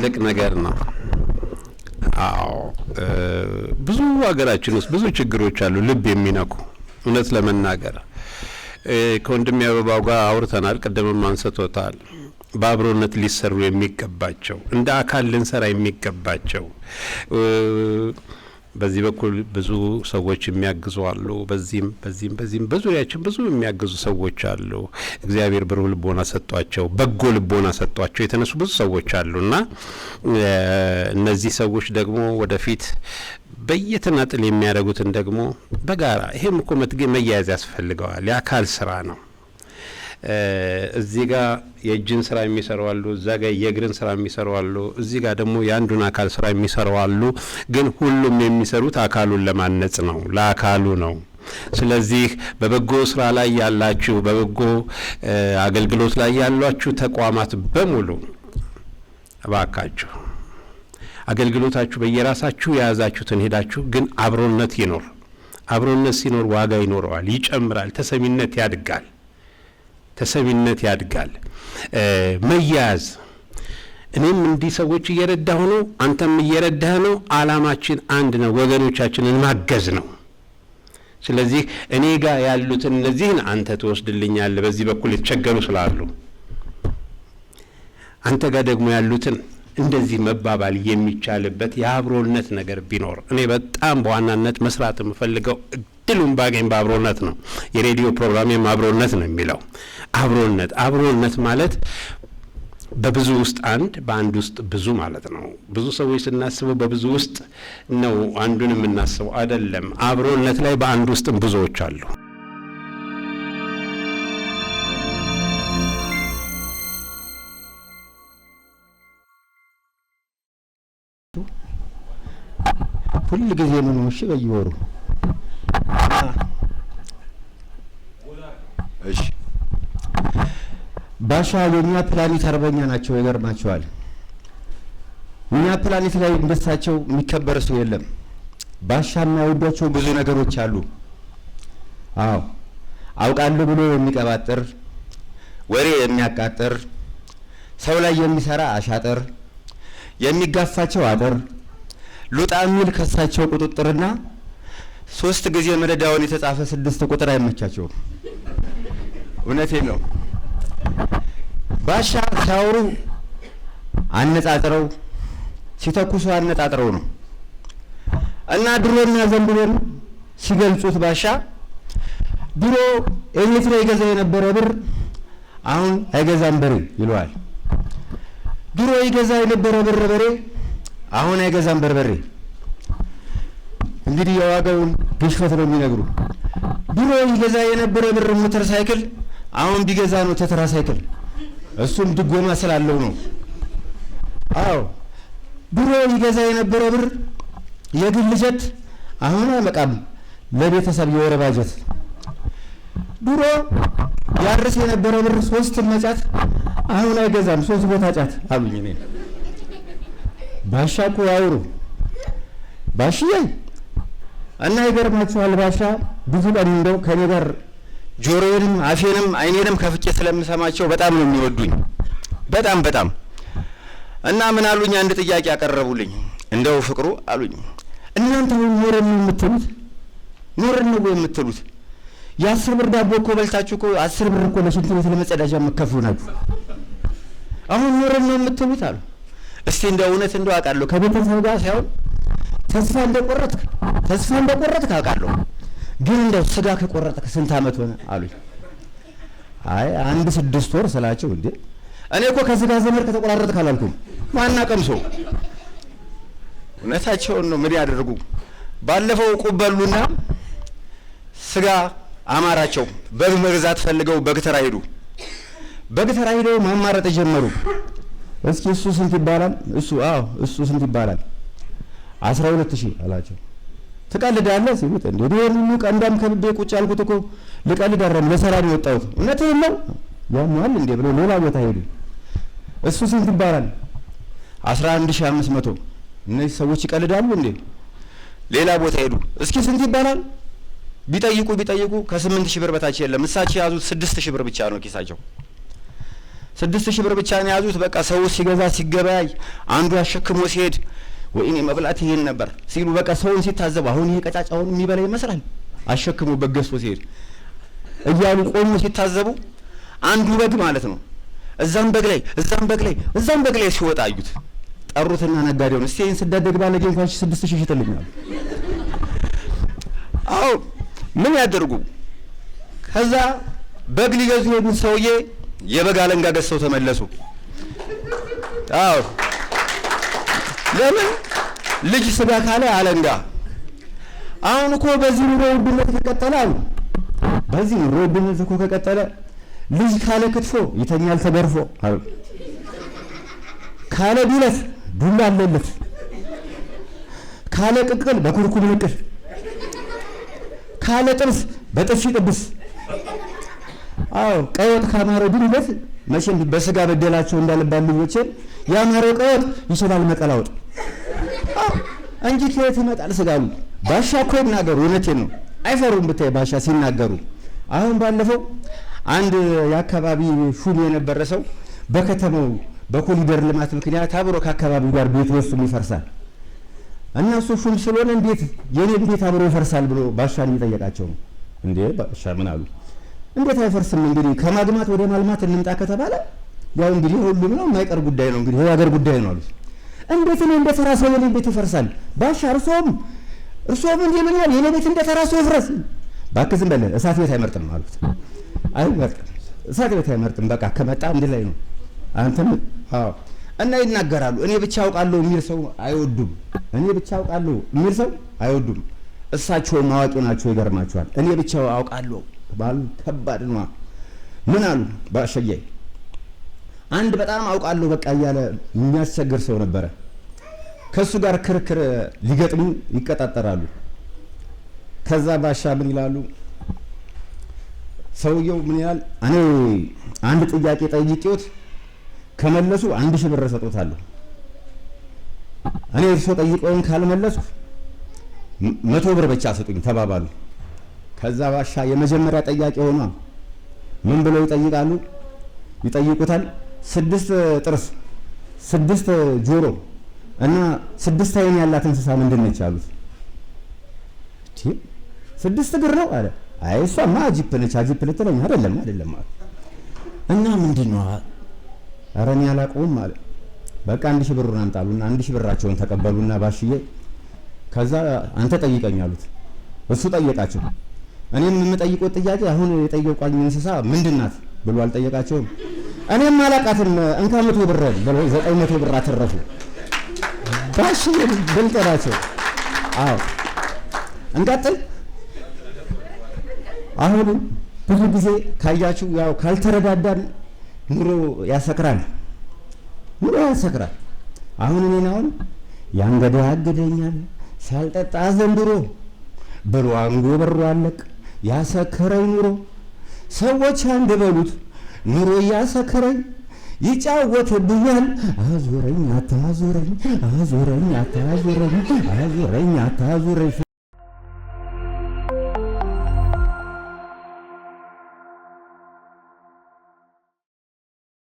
ትልቅ ነገር ነው። አዎ ብዙ ሀገራችን ውስጥ ብዙ ችግሮች አሉ፣ ልብ የሚነኩ እውነት ለመናገር ከወንድሜ አበባው ጋር አውርተናል፣ ቅድምም አንስቶታል። በአብሮነት ሊሰሩ የሚገባቸው እንደ አካል ልንሰራ የሚገባቸው በዚህ በኩል ብዙ ሰዎች የሚያግዙ አሉ። በዚህም በዚህም በዚህም በዙሪያችን ብዙ የሚያግዙ ሰዎች አሉ። እግዚአብሔር ብሩህ ልቦና ሰጧቸው፣ በጎ ልቦና ሰጧቸው የተነሱ ብዙ ሰዎች አሉ እና እነዚህ ሰዎች ደግሞ ወደፊት በየተናጥል የሚያደርጉትን ደግሞ በጋራ ይሄም እኮ መያያዝ ያስፈልገዋል። የአካል ስራ ነው። እዚህ ጋር የእጅን ስራ የሚሰሩ አሉ፣ እዛ ጋ የእግርን ስራ የሚሰሩ አሉ፣ እዚህ ጋር ደግሞ የአንዱን አካል ስራ የሚሰሩ አሉ። ግን ሁሉም የሚሰሩት አካሉን ለማነጽ ነው፣ ለአካሉ ነው። ስለዚህ በበጎ ስራ ላይ ያላችሁ፣ በበጎ አገልግሎት ላይ ያሏችሁ ተቋማት በሙሉ እባካችሁ አገልግሎታችሁ በየራሳችሁ የያዛችሁትን ሄዳችሁ፣ ግን አብሮነት ይኖር። አብሮነት ሲኖር ዋጋ ይኖረዋል፣ ይጨምራል፣ ተሰሚነት ያድጋል። ተሰቢነት ያድጋል። መያያዝ እኔም እንዲህ ሰዎች እየረዳሁ ነው፣ አንተም እየረዳህ ነው። አላማችን አንድ ነው፣ ወገኖቻችንን ማገዝ ነው። ስለዚህ እኔ ጋር ያሉትን እነዚህን አንተ ትወስድልኛል፣ በዚህ በኩል የተቸገሩ ስላሉ አንተ ጋር ደግሞ ያሉትን እንደዚህ መባባል የሚቻልበት የአብሮነት ነገር ቢኖር እኔ በጣም በዋናነት መስራት የምፈልገው እድሉን ባገኝ በአብሮነት ነው። የሬዲዮ ፕሮግራሜም አብሮነት ነው የሚለው አብሮነት አብሮነት ማለት በብዙ ውስጥ አንድ በአንድ ውስጥ ብዙ ማለት ነው። ብዙ ሰዎች ስናስበው በብዙ ውስጥ ነው አንዱን የምናስበው አይደለም። አብሮነት ላይ በአንድ ውስጥም ብዙዎች አሉ። ሁል ጊዜ ምን በየወሩ ባሻ የእኛ ፕላኔት አርበኛ ናቸው። ይገርማቸዋል። እኛ ፕላኔት ላይ እንደሳቸው የሚከበር ሰው የለም። ባሻ የማይወዷቸው ብዙ ነገሮች አሉ። አዎ አውቃለሁ ብሎ የሚቀባጥር ወሬ የሚያቃጥር ሰው ላይ የሚሰራ አሻጥር የሚጋፋቸው አጥር ሉጣ የሚል ከሳቸው ቁጥጥርና ሶስት ጊዜ መደዳውን የተጻፈ ስድስት ቁጥር አይመቻቸውም። እውነቴን ነው። ባሻ ሲያወሩ አነጻጥረው ሲተኩሱ አነጣጥረው ነው እና ድሮና ዘንድሮን ሲገልጹት ባሻ ድሮ ኤሌትሮ ይገዛ የነበረ ብር አሁን አይገዛም በሬ ይለዋል። ድሮ ይገዛ የነበረ ብር በሬ አሁን አይገዛም በርበሬ። እንግዲህ የዋጋውን ግሽፈት ነው የሚነግሩ። ድሮ ይገዛ የነበረ ብር ሞተር ሳይክል አሁን ቢገዛ ነው ተተራ ሳይክል እሱም ድጎማ ስላለው ነው። አዎ ድሮ ይገዛ የነበረ ብር የግል ጀት አሁን አመቃም ለቤተሰብ የወረ ባጀት ድሮ ያርስ የነበረ ብር ሶስት መጫት አሁን አይገዛም ሶስት ቦታ ጫት አሉኝ። እኔ ባሻ እኮ አውሩ ባሽዬ እና ይገርማችኋል ባሻ ብዙ ቀን እንደው ከኔ ጋር ጆሮዬንም አፌንም አይኔንም ከፍቼ ስለምሰማቸው በጣም ነው የሚወዱኝ። በጣም በጣም እና ምን አሉኝ፣ አንድ ጥያቄ ያቀረቡልኝ እንደው ፍቅሩ አሉኝ፣ እናንተ አሁን ኖረን ነው የምትሉት? ኖረን ነው የምትሉት? የአስር ብር ዳቦ እኮ በልታችሁ እኮ አስር ብር እኮ ለሽንት ቤት ለመጸዳጃ የምከፍሉ ናችሁ። አሁን ኖረን ነው የምትሉት አሉ። እስቲ እንደ እውነት እንደው አውቃለሁ ከቤተሰብ ጋር ሳይሆን ተስፋ እንደቆረጥክ ተስፋ እንደቆረጥክ አውቃለሁ ግን እንደው ስጋ ከቆረጠ ከስንት ዓመት ሆነ አሉኝ። አይ አንድ ስድስት ወር ስላቸው፣ እንዴ እኔ እኮ ከስጋ ዘመድ ከተቆራረጠ ካላልኩም ማና ቀምሶ እውነታቸውን ነው። ምን ያደርጉ ባለፈው ቁበሉና ስጋ አማራቸው። በግ መግዛት ፈልገው በግተራ ሄዱ። በግተራ ሄደው ማማረጥ ጀመሩ። እስኪ እሱ ስንት ይባላል? እሱ አዎ እሱ ስንት ይባላል? አስራ ሁለት ሺህ አላቸው። ትቀልዳለህ ሲሉት ቀንዳም ከብቤ ቁጭ ያልኩት እኮ ልቀልድ አይደለም ለሰራ ነው የወጣሁት። እውነትህን ነው ያማል እንዴ ብሎ ሌላ ቦታ ሄዱ። እሱ ስንት ይባላል? 11500 እነዚህ ሰዎች ይቀልዳሉ እንዴ? ሌላ ቦታ ሄዱ። እስኪ ስንት ይባላል ቢጠይቁ ቢጠይቁ ከስምንት ሺህ ብር በታች የለም። እሳቸው የያዙት ስድስት ሺህ ብር ብቻ ነው ኪሳቸው። ስድስት ሺህ ብር ብቻ ነው የያዙት። በቃ ሰው ሲገዛ ሲገበያይ አንዱ አሸክሞ ሲሄድ ወይኔ መብላት ይሄን ነበር ሲሉ በቃ ሰውን ሲታዘቡ አሁን ይሄ አሁን የሚበላ ይመስላል አሸክሙ በገዝቶ ሲሄድ እያሉ ቆሙ ሲታዘቡ አንዱ በግ ማለት ነው። እዛም በግ ላይ እዛም በግ ላይ እዛም በግ ላይ ሲወጣ አዩት። ጠሩትና ነጋዴውን እስቲ ይህን ስዳደግ ባለጌ እንኳን ስድስት ሺህ ሽጥልኛል። አዎ ምን ያደርጉ። ከዛ በግ ሊገዙ የሄዱን ሰውዬ የበግ አለንጋ ገዝተው ተመለሱ። አዎ ለምን ልጅ ስጋ ካለ አለንጋ። አሁን እኮ በዚህ ኑሮ ውድነት ከቀጠለ አሉ በዚህ ኑሮ ውድነት እኮ ከቀጠለ ልጅ ካለ ክትፎ ይተኛል ተገርፎ አሉ። ካለ ቢለት ዱላ አለለት፣ ካለ ቅቅል በኩርኩም ንቅል፣ ካለ ጥብስ በጥፊ ጥብስ። አዎ ቀይ ወጥ ካማረው ድንገት መቼም በስጋ በደላቸው እንዳልባል ልጆቼ ያማረው ቀይ ወጥ ይችላል መቀላወጥ እንጂ ከየት ይመጣል ስጋሉ? ባሻ እኮ ይናገሩ። እውነቴ ነው፣ አይፈሩም። ብታይ ባሻ ሲናገሩ። አሁን ባለፈው አንድ የአካባቢ ሹም የነበረ ሰው በከተማው በኮሊደር ልማት ምክንያት አብሮ ከአካባቢው ጋር ቤት ወስም ይፈርሳል እና እሱ ሹም ስለሆነ እንዴት የኔ ቤት አብሮ ይፈርሳል ብሎ ባሻን እየጠየቃቸው ነው። እንዴ ባሻ ምን አሉ? እንዴት አይፈርስም? እንግዲህ ከማግማት ወደ ማልማት እንምጣ ከተባለ ያው እንግዲህ ሁሉም ነው የማይቀር ጉዳይ ነው እንግዲህ የሀገር ጉዳይ ነው አሉት። እንዴት እኔ እንደ ተራ ሰው የኔ ቤት ይፈርሳል? ባሻ እርሶም እርሶም እንዲህ ምን ይላል? የኔ ቤት እንደ ተራ ሰው ይፍረስ። እባክህ ዝም በል እሳት ቤት አይመርጥም አሉት። አይመርጥም እሳት ቤት አይመርጥም። በቃ ከመጣ እንድ ላይ ነው አንተም አዎ። እና ይናገራሉ። እኔ ብቻ አውቃለሁ የሚል ሰው አይወዱም። እኔ ብቻ አውቃለሁ የሚል ሰው አይወዱም። እሳቸው ማዋቂ ናቸው። ይገርማቸዋል። እኔ ብቻ አውቃለሁ ባሉ ከባድ ነዋ። ምን አሉ ባሸያይ አንድ በጣም አውቃለሁ በቃ እያለ የሚያስቸግር ሰው ነበረ። ከእሱ ጋር ክርክር ሊገጥሙ ይቀጣጠራሉ። ከዛ ባሻ ምን ይላሉ? ሰውየው ምን ይላል? እኔ አንድ ጥያቄ ጠይቄዎት ከመለሱ አንድ ሺህ ብር እሰጥዎታለሁ። እኔ እርስዎ ጠይቀውን ካልመለስኩ መቶ ብር ብቻ ስጡኝ ተባባሉ። ከዛ ባሻ የመጀመሪያ ጥያቄ ሆኗ ምን ብለው ይጠይቃሉ? ይጠይቁታል። ስድስት ጥርስ፣ ስድስት ጆሮ እና ስድስት አይን ያላት እንስሳ ምንድን ነች አሉት። ስድስት እግር ነው አለ። አይ እሷማ አጂፕ ነች። አጂፕ ልትለኝ አይደለም አይደለም አለ። እና ምንድን ነው? ኧረ እኔ አላውቀውም አለ። በቃ አንድ ሺህ ብሩን አምጣሉና አንድ ሺህ ብራቸውን ተቀበሉና ባሽዬ፣ ከዛ አንተ ጠይቀኝ አሉት። እሱ ጠየቃቸው። እኔም የምጠይቀው ጥያቄ አሁን የጠየቋኝ እንስሳ ምንድን ናት ብሎ አልጠየቃቸውም። እኔም አላውቃትም እንካ መቶ ብር ብሎ ዘጠኝ መቶ ብር አተረፉ። ፍራሽ ብልጥ ናቸው። አዎ እንቀጥል። አሁን ብዙ ጊዜ ካያችሁ ያው ካልተረዳዳን ኑሮ ያሰክራል፣ ኑሮ ያሰክራል። አሁን እኔን አሁን ያንገደ ያግደኛል ሳልጠጣ ዘንድሮ በሩ አንጎ በሩ አለቅ ያሰከረኝ ኑሮ ሰዎች አንድ በሉት ኑሮ እያሰከረኝ ይጫወትብኛል። አዙረኝ አታዙረኝ፣ አዙረኝ አታዙረኝ፣ አዙረኝ አታዙረኝ